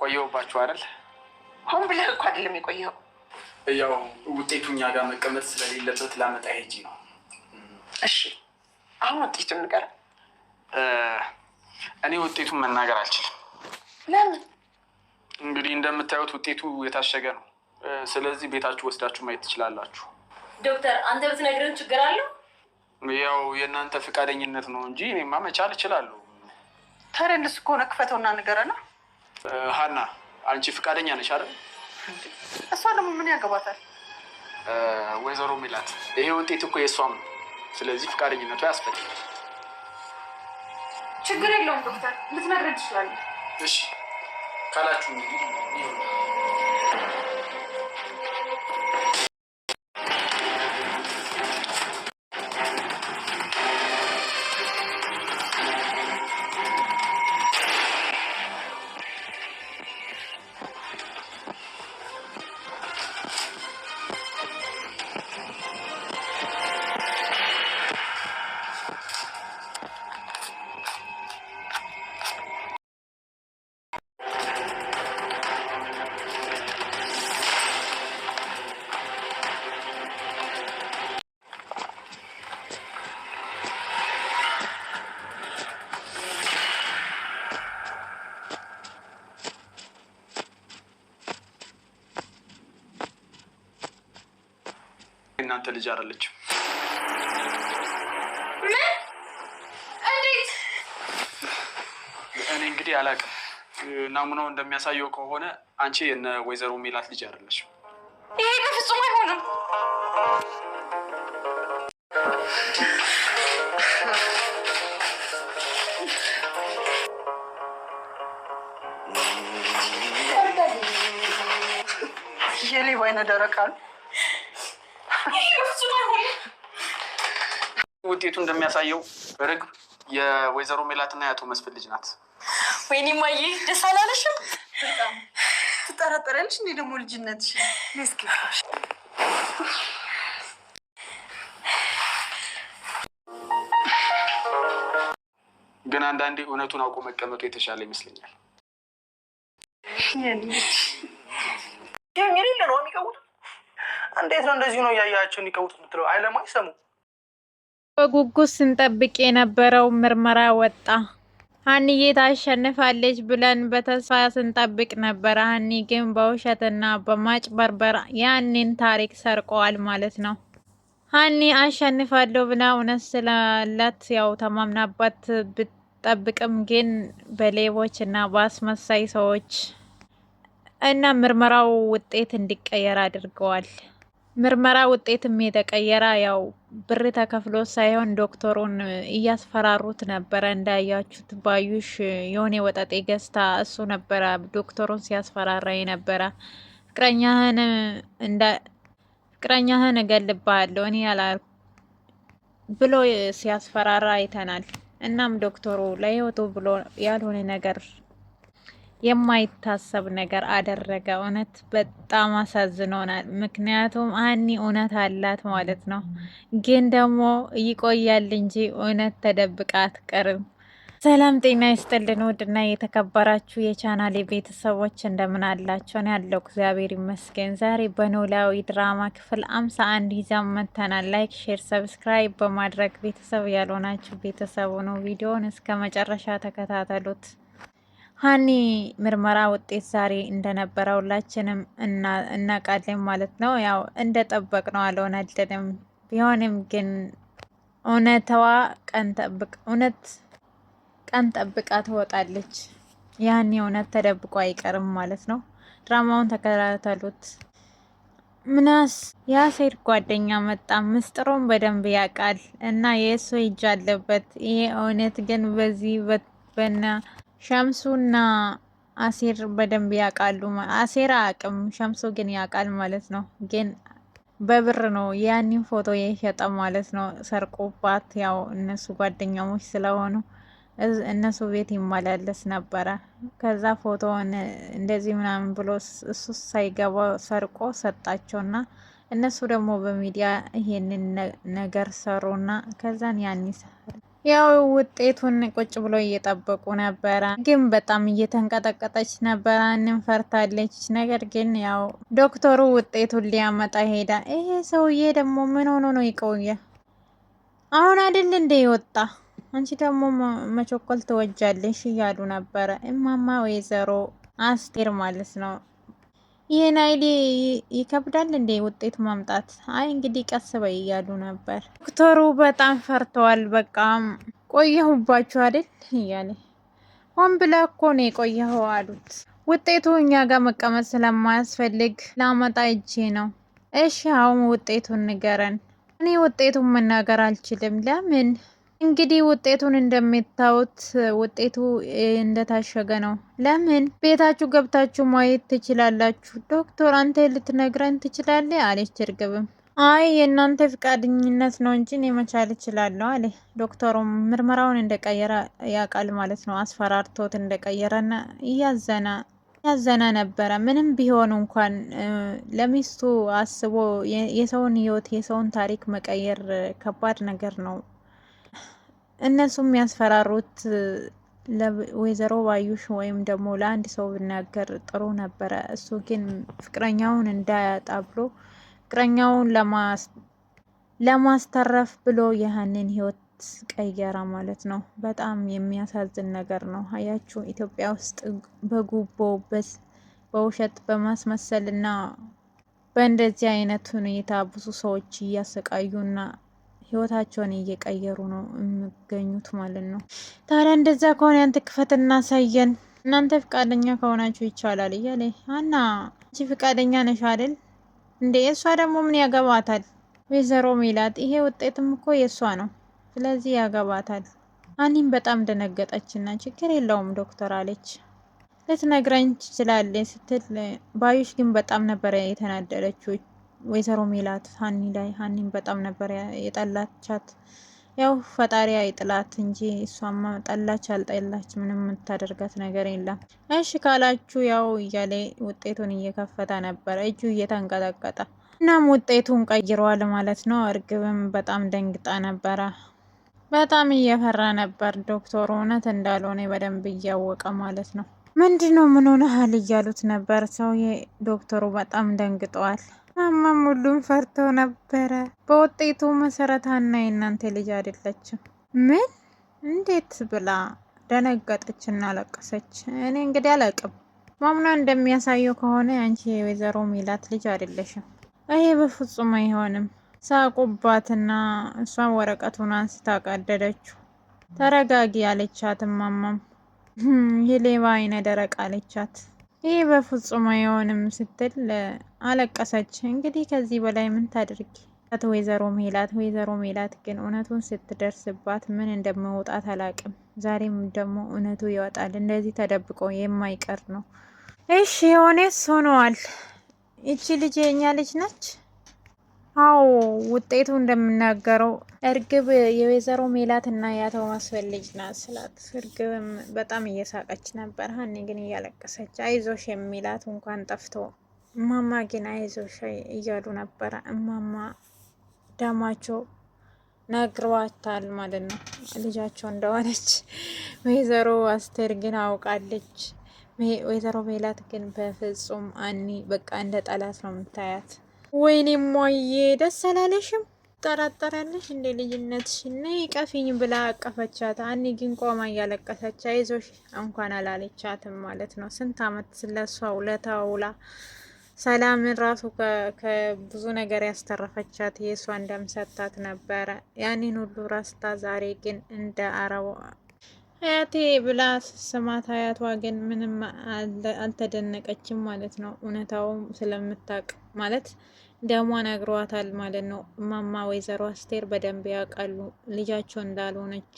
ቆየሁባችሁ አይደል? ሆን ብለህ እኮ አይደለም የቆየው። ያው ውጤቱ እኛ ጋር መቀመጥ ስለሌለበት ላመጣ ሄጂ ነው። እሺ አሁን ውጤቱን ንገረን። እኔ ውጤቱን መናገር አልችልም። ለምን? እንግዲህ እንደምታዩት ውጤቱ የታሸገ ነው። ስለዚህ ቤታችሁ ወስዳችሁ ማየት ትችላላችሁ። ዶክተር፣ አንተ ብትነግረን ችግር አለው? ያው የእናንተ ፈቃደኝነት ነው እንጂ እኔማ መቻል እችላለሁ። ታዲያ እንደሱ ከሆነ ክፈተውና ንገረና። ሀና አንቺ ፍቃደኛ ነሽ አይደል? እሷ ደግሞ ምን ያገባታል? ወይዘሮ ሚላት ይሄ ውጤት እኮ የእሷም ነው። ስለዚህ ፍቃደኝነቱ ያስፈልጋል። ችግር የለውም ዶክተር፣ ልትነግረን ትችላለህ። እሺ ካላችሁ እንግዲህ እናንተ ልጅ አይደለችም። እንዴት? እኔ እንግዲህ አላውቅም። ናሙናው እንደሚያሳየው ከሆነ አንቺ የነ ወይዘሮ ሜላት ልጅ አይደለችም። ይሄ በፍጹም አይሆንም። የሌባ አይነ ደረቃል ውጤቱ እንደሚያሳየው ርግብ የወይዘሮ ሜላትና የአቶ መስፍን ልጅ ናት። ወይኔ ማዬ ደስ አላለሽም? ትጠራጠራለሽ እንዴ ደግሞ ልጅነትሽ። ግን አንዳንዴ እውነቱን አውቆ መቀመጡ የተሻለ ይመስለኛል። ነው እንዴት ነው እንደዚህ ነው እያያቸው እንዲቀውጡት የምትለው አይለም አይሰሙ በጉጉት ስንጠብቅ የነበረው ምርመራ ወጣ። ሀኒዬ ታሸንፋለች ብለን በተስፋ ስንጠብቅ ነበረ። ሀኒ ግን በውሸትና በማጭበርበር ያንን ታሪክ ሰርቀዋል ማለት ነው። ሀኒ አሸንፋለሁ ብላ እውነት ስላላት ያው ተማምናባት ብትጠብቅም ግን በሌቦች እና በአስመሳይ ሰዎች እና ምርመራው ውጤት እንዲቀየር አድርገዋል። ምርመራ ውጤትም የተቀየረ ያው ብር ተከፍሎ ሳይሆን ዶክተሩን እያስፈራሩት ነበረ። እንዳያችሁት ባዩሽ የሆነ ወጠጤ ገዝታ እሱ ነበረ ዶክተሩን ሲያስፈራራ የነበረ ፍቅረኛህን እንዳ ፍቅረኛህን እኔ ያላ ብሎ ሲያስፈራራ አይተናል። እናም ዶክተሩ ለህይወቱ ብሎ ያልሆነ ነገር የማይታሰብ ነገር አደረገ። እውነት በጣም አሳዝኖናል። ምክንያቱም ሀኒ እውነት አላት ማለት ነው፣ ግን ደግሞ ይቆያል እንጂ እውነት ተደብቃ አትቀርም። ሰላም ጤና ይስጥልን። ውድና የተከበራችሁ የቻናሌ ቤተሰቦች እንደምን አላቸውን? ያለው እግዚአብሔር ይመስገን። ዛሬ በኖላዊ ድራማ ክፍል አምሳ አንድ ይዘን መጥተናል። ላይክ፣ ሼር፣ ሰብስክራይብ በማድረግ ቤተሰብ ያልሆናችሁ ቤተሰቡ ነው። ቪዲዮውን እስከ መጨረሻ ተከታተሉት። ሀኒ ምርመራ ውጤት ዛሬ እንደነበረ ሁላችንም እናውቃለን ማለት ነው። ያው እንደጠበቅ ነው አለሆን አይደለም። ቢሆንም ግን እውነተዋ ቀን ጠብቅ እውነት ቀን ጠብቃ ትወጣለች። ያኔ እውነት ተደብቆ አይቀርም ማለት ነው። ድራማውን ተከታተሉት። ምናስ የአሴድ ጓደኛ መጣ። ምስጢሩን በደንብ ያውቃል እና የእሱ እጅ አለበት። ይሄ እውነት ግን በዚህ በና ሸምሱና አሴር በደንብ ያውቃሉ። አሴር አያውቅም፣ ሸምሱ ግን ያውቃል ማለት ነው። ግን በብር ነው ያንን ፎቶ የሸጠ ማለት ነው። ሰርቆባት፣ ያው እነሱ ጓደኛሞች ስለሆኑ እነሱ ቤት ይመላለስ ነበረ። ከዛ ፎቶውን እንደዚህ ምናምን ብሎ እሱ ሳይገባ ሰርቆ ሰጣቸውና እነሱ ደግሞ በሚዲያ ይሄንን ነገር ሰሩና ከዛን ያን ያው ውጤቱን ቁጭ ብሎ እየጠበቁ ነበረ። ግን በጣም እየተንቀጠቀጠች ነበረ፣ እንንፈርታለች። ነገር ግን ያው ዶክተሩ ውጤቱን ሊያመጣ ሄዳ፣ ይሄ ሰውዬ ደግሞ ምን ሆኖ ነው ይቆየ? አሁን አይደል እንደ ይወጣ አንቺ ደግሞ መቸኮል ትወጃለሽ እያሉ ነበረ እማማ ወይዘሮ አስቴር ማለት ነው። ይህን አይዲ ይከብዳል እንዴ ውጤት ማምጣት? አይ እንግዲህ ቀስ በይ እያሉ ነበር። ዶክተሩ በጣም ፈርተዋል። በቃም ቆየሁባችሁ አይደል እያለ ሆን ብለህ እኮ ነው የቆየኸው አሉት። ውጤቱ እኛ ጋር መቀመጥ ስለማያስፈልግ ላመጣ እጄ ነው። እሺ አሁን ውጤቱን ንገረን። እኔ ውጤቱን መናገር አልችልም። ለምን? እንግዲህ ውጤቱን እንደምታዩት ውጤቱ እንደታሸገ ነው። ለምን ቤታችሁ ገብታችሁ ማየት ትችላላችሁ። ዶክተር አንተ ልትነግረን ትችላለህ አለች እርግብም። አይ የእናንተ ፍቃደኝነት ነው እንጂ እኔ መቻል እችላለሁ አለ ዶክተሩም። ምርመራውን እንደቀየረ ያውቃል ማለት ነው። አስፈራርቶት እንደቀየረና እያዘና ያዘና ነበረ። ምንም ቢሆን እንኳን ለሚስቱ አስቦ የሰውን ህይወት የሰውን ታሪክ መቀየር ከባድ ነገር ነው። እነሱም የሚያስፈራሩት ለወይዘሮ ባዩሽ ወይም ደግሞ ለአንድ ሰው ብናገር ጥሩ ነበረ። እሱ ግን ፍቅረኛውን እንዳያጣ ብሎ ፍቅረኛውን ለማስተረፍ ብሎ ያህንን ህይወት ቀየረ ማለት ነው። በጣም የሚያሳዝን ነገር ነው። አያችሁ ኢትዮጵያ ውስጥ በጉቦ በውሸት በማስመሰል እና በእንደዚህ አይነት ሁኔታ ብዙ ሰዎች እያሰቃዩና ህይወታቸውን እየቀየሩ ነው የሚገኙት ማለት ነው። ታዲያ እንደዛ ከሆነ ያንተ ክፈት እናሳየን፣ እናንተ ፍቃደኛ ከሆናችሁ ይቻላል እያለ አና አንቺ ፍቃደኛ ነሽ አይደል እንዴ? እሷ ደግሞ ምን ያገባታል? ወይዘሮ ሜላት ይሄ ውጤትም እኮ የእሷ ነው፣ ስለዚህ ያገባታል። አኒም በጣም ደነገጠችና ችግር የለውም ዶክተር አለች ልትነግረኝ ትችላለች ስትል ባዩሽ ግን በጣም ነበረ የተናደረችው። ወይዘሮ ሜላት ሀኒ ላይ ሀኒን በጣም ነበር የጠላቻት። ያው ፈጣሪያ ይጥላት እንጂ እሷማ ጠላች አልጠላች ምንም የምታደርጋት ነገር የለም። እሺ ካላችሁ ያው እያለ ውጤቱን እየከፈተ ነበር፣ እጁ እየተንቀጠቀጠ እናም ውጤቱን ቀይረዋል ማለት ነው። እርግብም በጣም ደንግጣ ነበረ፣ በጣም እየፈራ ነበር። ዶክተሩ እውነት እንዳልሆነ በደንብ እያወቀ ማለት ነው። ምንድነው ነው ምን ሆነሃል እያሉት ነበር ሰውዬ። ዶክተሩ በጣም ደንግጠዋል። አማም ሁሉም ፈርተው ነበረ። በውጤቱ መሰረት ሀና የእናንተ ልጅ አይደለችም። ምን እንዴት ብላ ደነገጠች እና ለቀሰች እኔ እንግዲህ አላቅም። ማምኗ እንደሚያሳየው ከሆነ አንቺ የወይዘሮ ሚላት ልጅ አይደለሽም። ይሄ በፍጹም አይሆንም። ሳቁባትና እሷን ወረቀቱን አንስታ ቀደደችው። ተረጋጊ አለቻት። ማማም የሌባ አይነ ደረቅ አለቻት። ይህ በፍጹም አይሆንም ስትል አለቀሰች። እንግዲህ ከዚህ በላይ ምን ት ወይዘሮ ሜላት ወይዘሮ ሜላት ግን እውነቱን ስትደርስባት ምን እንደመውጣት አላቅም። ዛሬም ደግሞ እውነቱ ይወጣል። እንደዚህ ተደብቆ የማይቀር ነው። እሺ የሆነ ሆነዋል። ይቺ ልጅ የኛ ልጅ ነች። አዎ ውጤቱ እንደምናገረው እርግብ የወይዘሮ ሜላት እና ያተው ማስፈልጅ ልጅ ናት ስላት፣ እርግብም በጣም እየሳቀች ነበር። ሀኒ ግን እያለቀሰች አይዞሽ የሚላት እንኳን ጠፍቶ እማማ ግን አይዞሽ እያሉ ነበረ። እማማ ዳማቸው ነግሯታል ማለት ነው ልጃቸው እንደሆነች። ወይዘሮ አስቴር ግን አውቃለች። ወይዘሮ ሜላት ግን በፍጹም አኒ በቃ እንደ ጠላት ነው የምታያት። ወይኔ ሟዬ ደስ አላለሽም? ጠራጠራለሽ እንደ ልጅነትሽ እና ቀፊኝ ብላ አቀፈቻት። አኒ ግን ቆማ እያለቀሰች አይዞሽ እንኳን አላለቻትም ማለት ነው። ስንት አመት ስለሷ ውለታ ውላ ሰላምን ራሱ ከብዙ ነገር ያስተረፈቻት የእሷ እንደምሰጣት ነበረ። ያንን ሁሉ ረስታ ዛሬ ግን እንደ አረቡ አያቴ ብላ ስማት፣ ሀያቷ ግን ምንም አልተደነቀችም ማለት ነው። እውነታው ስለምታውቅ ማለት ደሟን አግሯታል ማለት ነው። እማማ ወይዘሮ አስቴር በደንብ ያውቃሉ ልጃቸው እንዳልሆነች።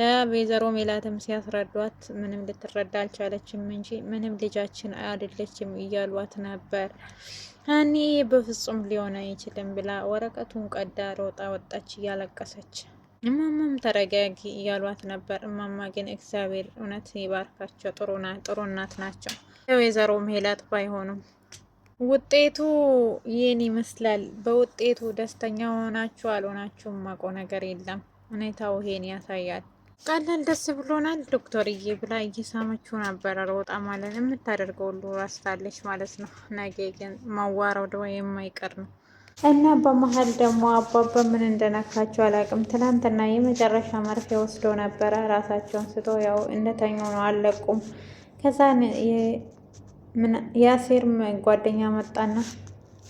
ለወይዘሮ ሜላትም ሲያስረዷት ምንም ልትረዳ አልቻለችም እንጂ ምንም ልጃችን አይደለችም እያሏት ነበር። እኔ በፍጹም ሊሆን አይችልም ብላ ወረቀቱን ቀዳ ሮጣ ወጣች እያለቀሰች። እማማም ተረጋጊ እያሏት ነበር። እማማ ግን እግዚአብሔር እውነት ይባርካቸው ጥሩ እናት ናቸው። የወይዘሮ ሜላት ባይሆኑም ውጤቱ ይህን ይመስላል። በውጤቱ ደስተኛ ሆናችሁ አልሆናችሁም ማቆ ነገር የለም። ሁኔታው ይሄን ያሳያል። ቀላል ደስ ብሎናል ዶክተርዬ ብላ እየሳመችው ነበረ። ሮጣ ማለት የምታደርገው ሁሉ ረስታለች ማለት ነው። ነገ ግን ማዋረዷ የማይቀር ነው። እና በመሀል ደግሞ አባባ ምን እንደነካቸው አላውቅም። ትናንትና የመጨረሻ መርፌ ወስዶ ነበረ ራሳቸውን ስቶ ያው እንደተኙ ነው አለቁም። ከዛ የአሴር ጓደኛ መጣና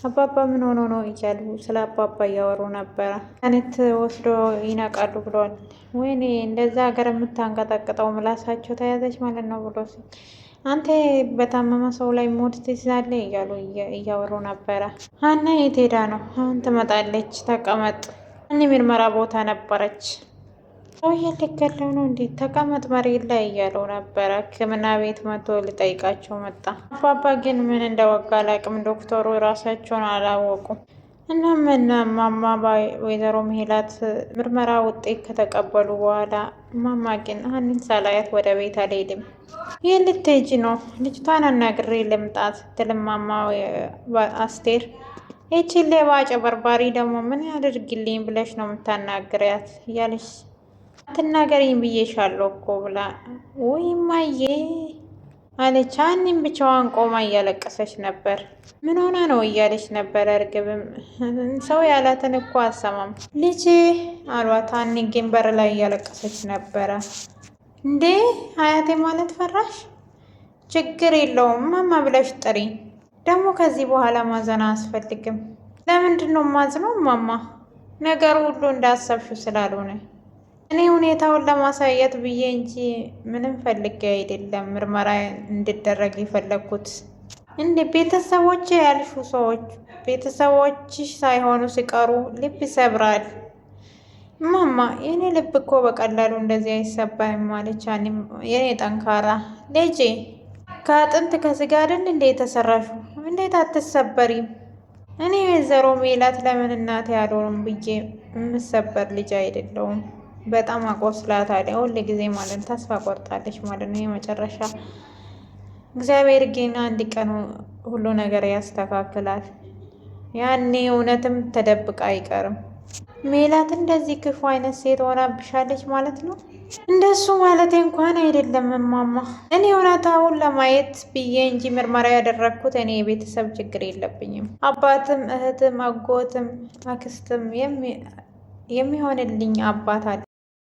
አባባ ምን ሆኖ ነው እያሉ ስለ አባባ እያወሩ ነበረ። ከነት ወስዶ ይነቃሉ ብሏል። ወይኔ እንደዛ ሀገር የምታንቀጠቅጠው ምላሳቸው ተያዘች ማለት ነው ብሎ አንተ በታመመ ሰው ላይ ሞድ ትይዛለህ እያሉ እያወሩ ነበረ። ሀና የት ሄዳ ነው? አሁን ትመጣለች። ተቀመጥ። እኔ ምርመራ ቦታ ነበረች። ሰውዬ ሊገለው ነው እንዴት? ተቀመጥ መሬት ላይ እያለው ነበረ። ሕክምና ቤት መቶ ሊጠይቃቸው መጣ። አባባ ግን ምን እንደወጋ አላውቅም። ዶክተሩ ራሳቸውን አላወቁም። እናም እማማ ወይዘሮ ሜላት ምርመራ ውጤት ከተቀበሉ በኋላ እማማ ግን ሀኒን ሳላያት ወደ ቤት አልሄድም ይህ ልትሄጂ ነው? ልጅቷን አናግሬ ልምጣት ትልማማ አስቴር። ይቺ ሌባ አጭበርባሪ ደግሞ ምን ያደርግልኝ ብለሽ ነው የምታናግሪያት? እያለሽ አትናገሪኝ ብዬሻለሁ እኮ ብላ ውይ ማዬ አለች። አኒም ብቻዋን ቆማ እያለቀሰች ነበር። ምን ሆና ነው እያለች ነበር እርግብም ሰው ያላትን እኮ አሰማም ልጅ አሏት። ሀኒ ግን በር ላይ እያለቀሰች ነበረ። እንዴ አያቴ ማለት ፈራሽ? ችግር የለውም እማማ ብለሽ ጥሪ። ደግሞ ከዚህ በኋላ ማዘን አያስፈልግም። ለምንድን ነው ማዝነው እማማ? ነገሩ ሁሉ እንዳሰብሽው ስላልሆነ እኔ ሁኔታውን ለማሳየት ብዬ እንጂ ምንም ፈልጌ አይደለም። ምርመራ እንድደረግ የፈለግኩት እንደ ቤተሰቦች ያልሹ ሰዎች ቤተሰቦችሽ ሳይሆኑ ሲቀሩ ልብ ይሰብራል። ማማ የኔ ልብ እኮ በቀላሉ እንደዚህ አይሰባይም ማለች። የኔ ጠንካራ ልጄ ከአጥንት ከስጋ አይደል እንዴ የተሰራሹ? እንዴት አትሰበሪም? እኔ ወይዘሮ ሜላት ለምን እናቴ ያልሆኑም ብዬ የምሰበር ልጅ አይደለውም። በጣም አቆስላታለሁ ሁል ጊዜ ማለት ተስፋ ቆርጣለች ማለት ነው። የመጨረሻ እግዚአብሔር ግን አንድ ቀን ሁሉ ነገር ያስተካክላል። ያኔ እውነትም ተደብቃ አይቀርም። ሜላት እንደዚህ ክፉ አይነት ሴት ሆናብሻለች ማለት ነው። እንደሱ ማለቴ እንኳን አይደለም እማማ፣ እኔ እውነታውን ለማየት ብዬ እንጂ ምርመራ ያደረግኩት እኔ የቤተሰብ ችግር የለብኝም። አባትም፣ እህትም፣ አጎትም አክስትም የሚሆንልኝ አባት አለ።